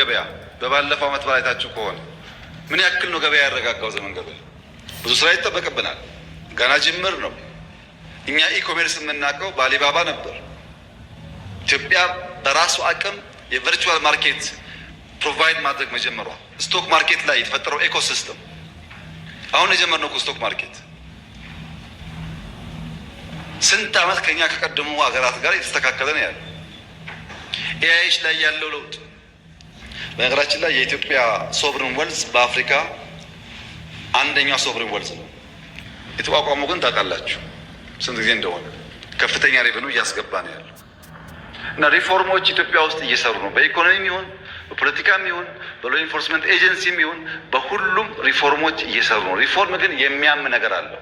ገበያ በባለፈው ዓመት ባላይታችሁ ከሆነ ምን ያክል ነው ገበያ ያረጋጋው? ዘመን ገበያ ብዙ ስራ ይጠበቅብናል። ገና ጅምር ነው። እኛ ኢኮሜርስ የምናውቀው በአሊባባ ነበር። ኢትዮጵያ በራሱ አቅም የቨርቹዋል ማርኬት ፕሮቫይድ ማድረግ መጀመሯ ስቶክ ማርኬት ላይ የተፈጠረው ኤኮሲስተም አሁን የጀመርነው ስቶክ ማርኬት ስንት ዓመት ከኛ ከቀደሙ ሀገራት ጋር የተስተካከለ ነው ያለ ኤአይች ላይ ያለው ለውጥ በነገራችን ላይ የኢትዮጵያ ሶብሪን ወልዝ በአፍሪካ አንደኛ ሶብሪን ወልዝ ነው። የተቋቋመው ግን ታውቃላችሁ ስንት ጊዜ እንደሆነ ከፍተኛ ሬቨኑ እያስገባ ነው ያለው እና ሪፎርሞች ኢትዮጵያ ውስጥ እየሰሩ ነው። በኢኮኖሚም ይሁን በፖለቲካም ይሁን በሎ ኢንፎርስመንት ኤጀንሲም ይሁን በሁሉም ሪፎርሞች እየሰሩ ነው። ሪፎርም ግን የሚያም ነገር አለው።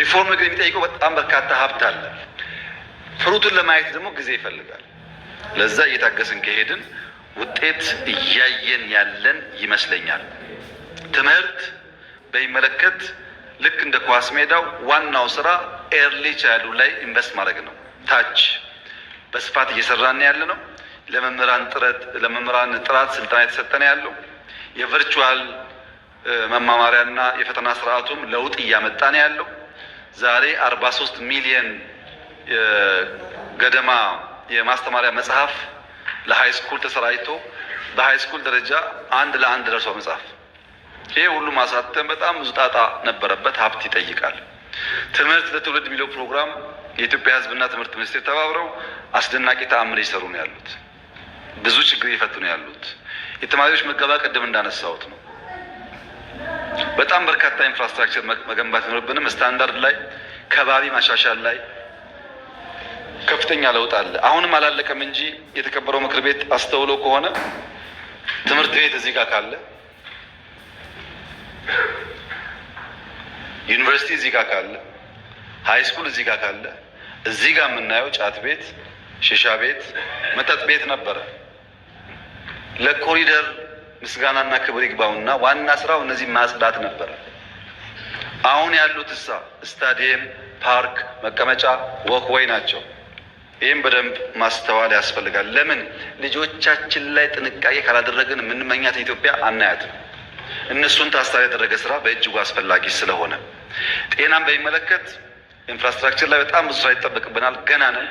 ሪፎርም ግን የሚጠይቀው በጣም በርካታ ሀብት አለ። ፍሩቱን ለማየት ደግሞ ጊዜ ይፈልጋል። ለዛ እየታገስን ከሄድን ውጤት እያየን ያለን ይመስለኛል። ትምህርት በሚመለከት ልክ እንደ ኳስ ሜዳው ዋናው ስራ ኤርሊ ቻይልዱ ላይ ኢንቨስት ማድረግ ነው። ታች በስፋት እየሰራን ያለ ነው። ለመምህራን ጥረት ለመምህራን ጥራት ስልጠና የተሰጠነ ያለው የቨርቹዋል መማማሪያና የፈተና ስርዓቱም ለውጥ እያመጣን ያለው ዛሬ አርባ ሶስት ሚሊየን ገደማ የማስተማሪያ መጽሐፍ ለሃይ ስኩል ተሰራጭቶ በሃይ ስኩል ደረጃ አንድ ለአንድ ደርሶ መጻፍ፣ ይሄ ሁሉ ማሳተም በጣም ብዙ ጣጣ ነበረበት፣ ሀብት ይጠይቃል። ትምህርት ለትውልድ የሚለው ፕሮግራም የኢትዮጵያ ሕዝብና ትምህርት ሚኒስቴር ተባብረው አስደናቂ ተአምር እየሰሩ ነው ያሉት። ብዙ ችግር እየፈቱ ነው ያሉት። የተማሪዎች ምገባ ቅድም እንዳነሳሁት ነው። በጣም በርካታ ኢንፍራስትራክቸር መገንባት ይኖርብንም። ስታንዳርድ ላይ ከባቢ ማሻሻል ላይ ከፍተኛ ለውጥ አለ። አሁንም አላለቀም እንጂ የተከበረው ምክር ቤት አስተውሎ ከሆነ ትምህርት ቤት እዚህ ጋር ካለ፣ ዩኒቨርሲቲ እዚህ ጋር ካለ፣ ሀይ ስኩል እዚህ ጋር ካለ፣ እዚህ ጋር የምናየው ጫት ቤት፣ ሽሻ ቤት፣ መጠጥ ቤት ነበረ። ለኮሪደር ምስጋናና ክብር ይግባውና ዋና ስራው እነዚህ ማጽዳት ነበረ። አሁን ያሉት እሳ ስታዲየም፣ ፓርክ፣ መቀመጫ፣ ወክወይ ናቸው። ይህም በደንብ ማስተዋል ያስፈልጋል። ለምን ልጆቻችን ላይ ጥንቃቄ ካላደረግን የምንመኛት ኢትዮጵያ አናያትም። እነሱን ታሳቢ ያደረገ ስራ በእጅጉ አስፈላጊ ስለሆነ ጤናን በሚመለከት ኢንፍራስትራክቸር ላይ በጣም ብዙ ስራ ይጠበቅብናል። ገና ነን።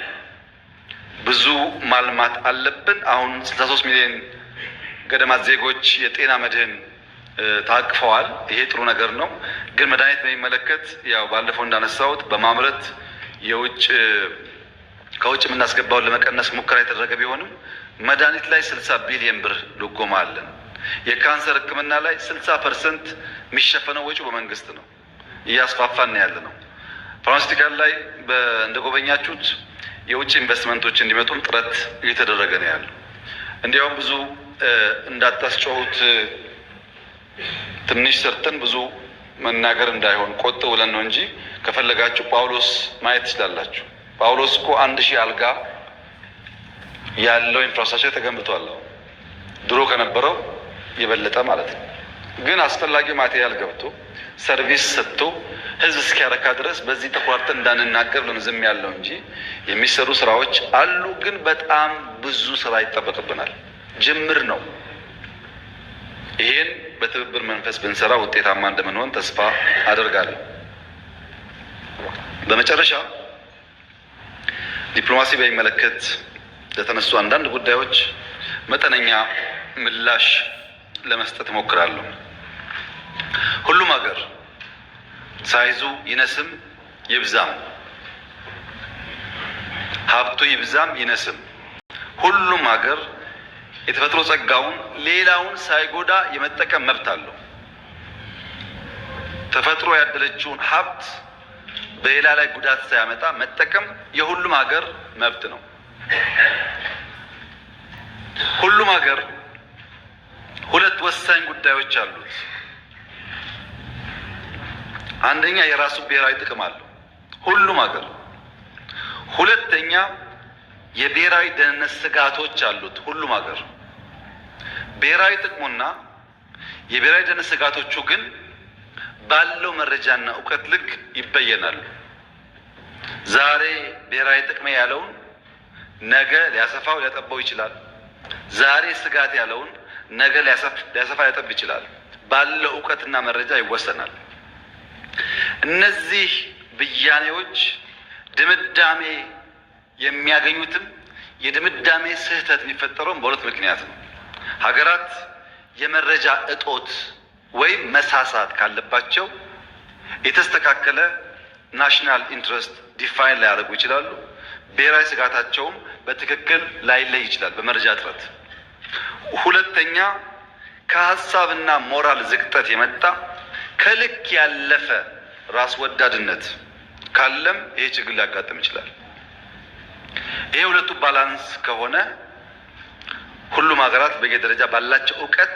ብዙ ማልማት አለብን። አሁን 63 ሚሊዮን ገደማ ዜጎች የጤና መድህን ታቅፈዋል። ይሄ ጥሩ ነገር ነው። ግን መድኃኒት በሚመለከት ያው ባለፈው እንዳነሳሁት በማምረት የውጭ ከውጭ የምናስገባውን ለመቀነስ ሙከራ የተደረገ ቢሆንም መድኃኒት ላይ ስልሳ ቢሊየን ብር ድጎማ አለን። የካንሰር ሕክምና ላይ 60 ፐርሰንት የሚሸፈነው ወጪው በመንግስት ነው። እያስፋፋን ያለ ነው። ፋርማሲቲካል ላይ እንደጎበኛችሁት የውጭ ኢንቨስትመንቶች እንዲመጡም ጥረት እየተደረገ ነው ያለው። እንዲያውም ብዙ እንዳታስጨውት ትንሽ ሰርተን ብዙ መናገር እንዳይሆን ቆጥ ብለን ነው እንጂ ከፈለጋችሁ ጳውሎስ ማየት ትችላላችሁ። ጳውሎስ እኮ አንድ ሺህ አልጋ ያለው ኢንፍራስትራክቸር ተገንብቷል። ድሮ ከነበረው የበለጠ ማለት ነው። ግን አስፈላጊ ማቴሪያል ገብቶ ሰርቪስ ሰጥቶ ህዝብ እስኪያረካ ድረስ በዚህ ተኳርተን እንዳንናገር ብለን ዝም ያለው እንጂ የሚሰሩ ስራዎች አሉ። ግን በጣም ብዙ ስራ ይጠበቅብናል። ጅምር ነው። ይሄን በትብብር መንፈስ ብንሰራ ውጤታማ እንደምንሆን ተስፋ አደርጋለሁ። በመጨረሻ ዲፕሎማሲ በሚመለከት ለተነሱ አንዳንድ ጉዳዮች መጠነኛ ምላሽ ለመስጠት እሞክራለሁ። ሁሉም ሀገር ሳይዙ ይነስም ይብዛም፣ ሀብቱ ይብዛም ይነስም፣ ሁሉም ሀገር የተፈጥሮ ጸጋውን ሌላውን ሳይጎዳ የመጠቀም መብት አለው። ተፈጥሮ ያደለችውን ሀብት በሌላ ላይ ጉዳት ሳያመጣ መጠቀም የሁሉም ሀገር መብት ነው። ሁሉም ሀገር ሁለት ወሳኝ ጉዳዮች አሉት። አንደኛ የራሱ ብሔራዊ ጥቅም አለው ሁሉም ሀገር። ሁለተኛ የብሔራዊ ደህንነት ስጋቶች አሉት ሁሉም ሀገር። ብሔራዊ ጥቅሙና የብሔራዊ ደህንነት ስጋቶቹ ግን ባለው መረጃና እውቀት ልክ ይበየናሉ። ዛሬ ብሔራዊ ጥቅም ያለውን ነገ ሊያሰፋው ሊያጠባው ይችላል። ዛሬ ስጋት ያለውን ነገ ሊያሰፋ ሊያጠብ ይችላል። ባለው እውቀትና መረጃ ይወሰናል። እነዚህ ብያኔዎች ድምዳሜ የሚያገኙትም የድምዳሜ ስህተት የሚፈጠረውም በሁለት ምክንያት ነው። ሀገራት የመረጃ እጦት ወይም መሳሳት ካለባቸው የተስተካከለ ናሽናል ኢንትረስት ዲፋይን ላያደርጉ ይችላሉ። ብሔራዊ ስጋታቸውም በትክክል ላይለይ ይችላል በመረጃ እጥረት። ሁለተኛ ከሀሳብና ሞራል ዝቅጠት የመጣ ከልክ ያለፈ ራስ ወዳድነት ካለም ይሄ ችግር ሊያጋጥም ይችላል። ይሄ ሁለቱ ባላንስ ከሆነ ሁሉም ሀገራት በየደረጃ ባላቸው እውቀት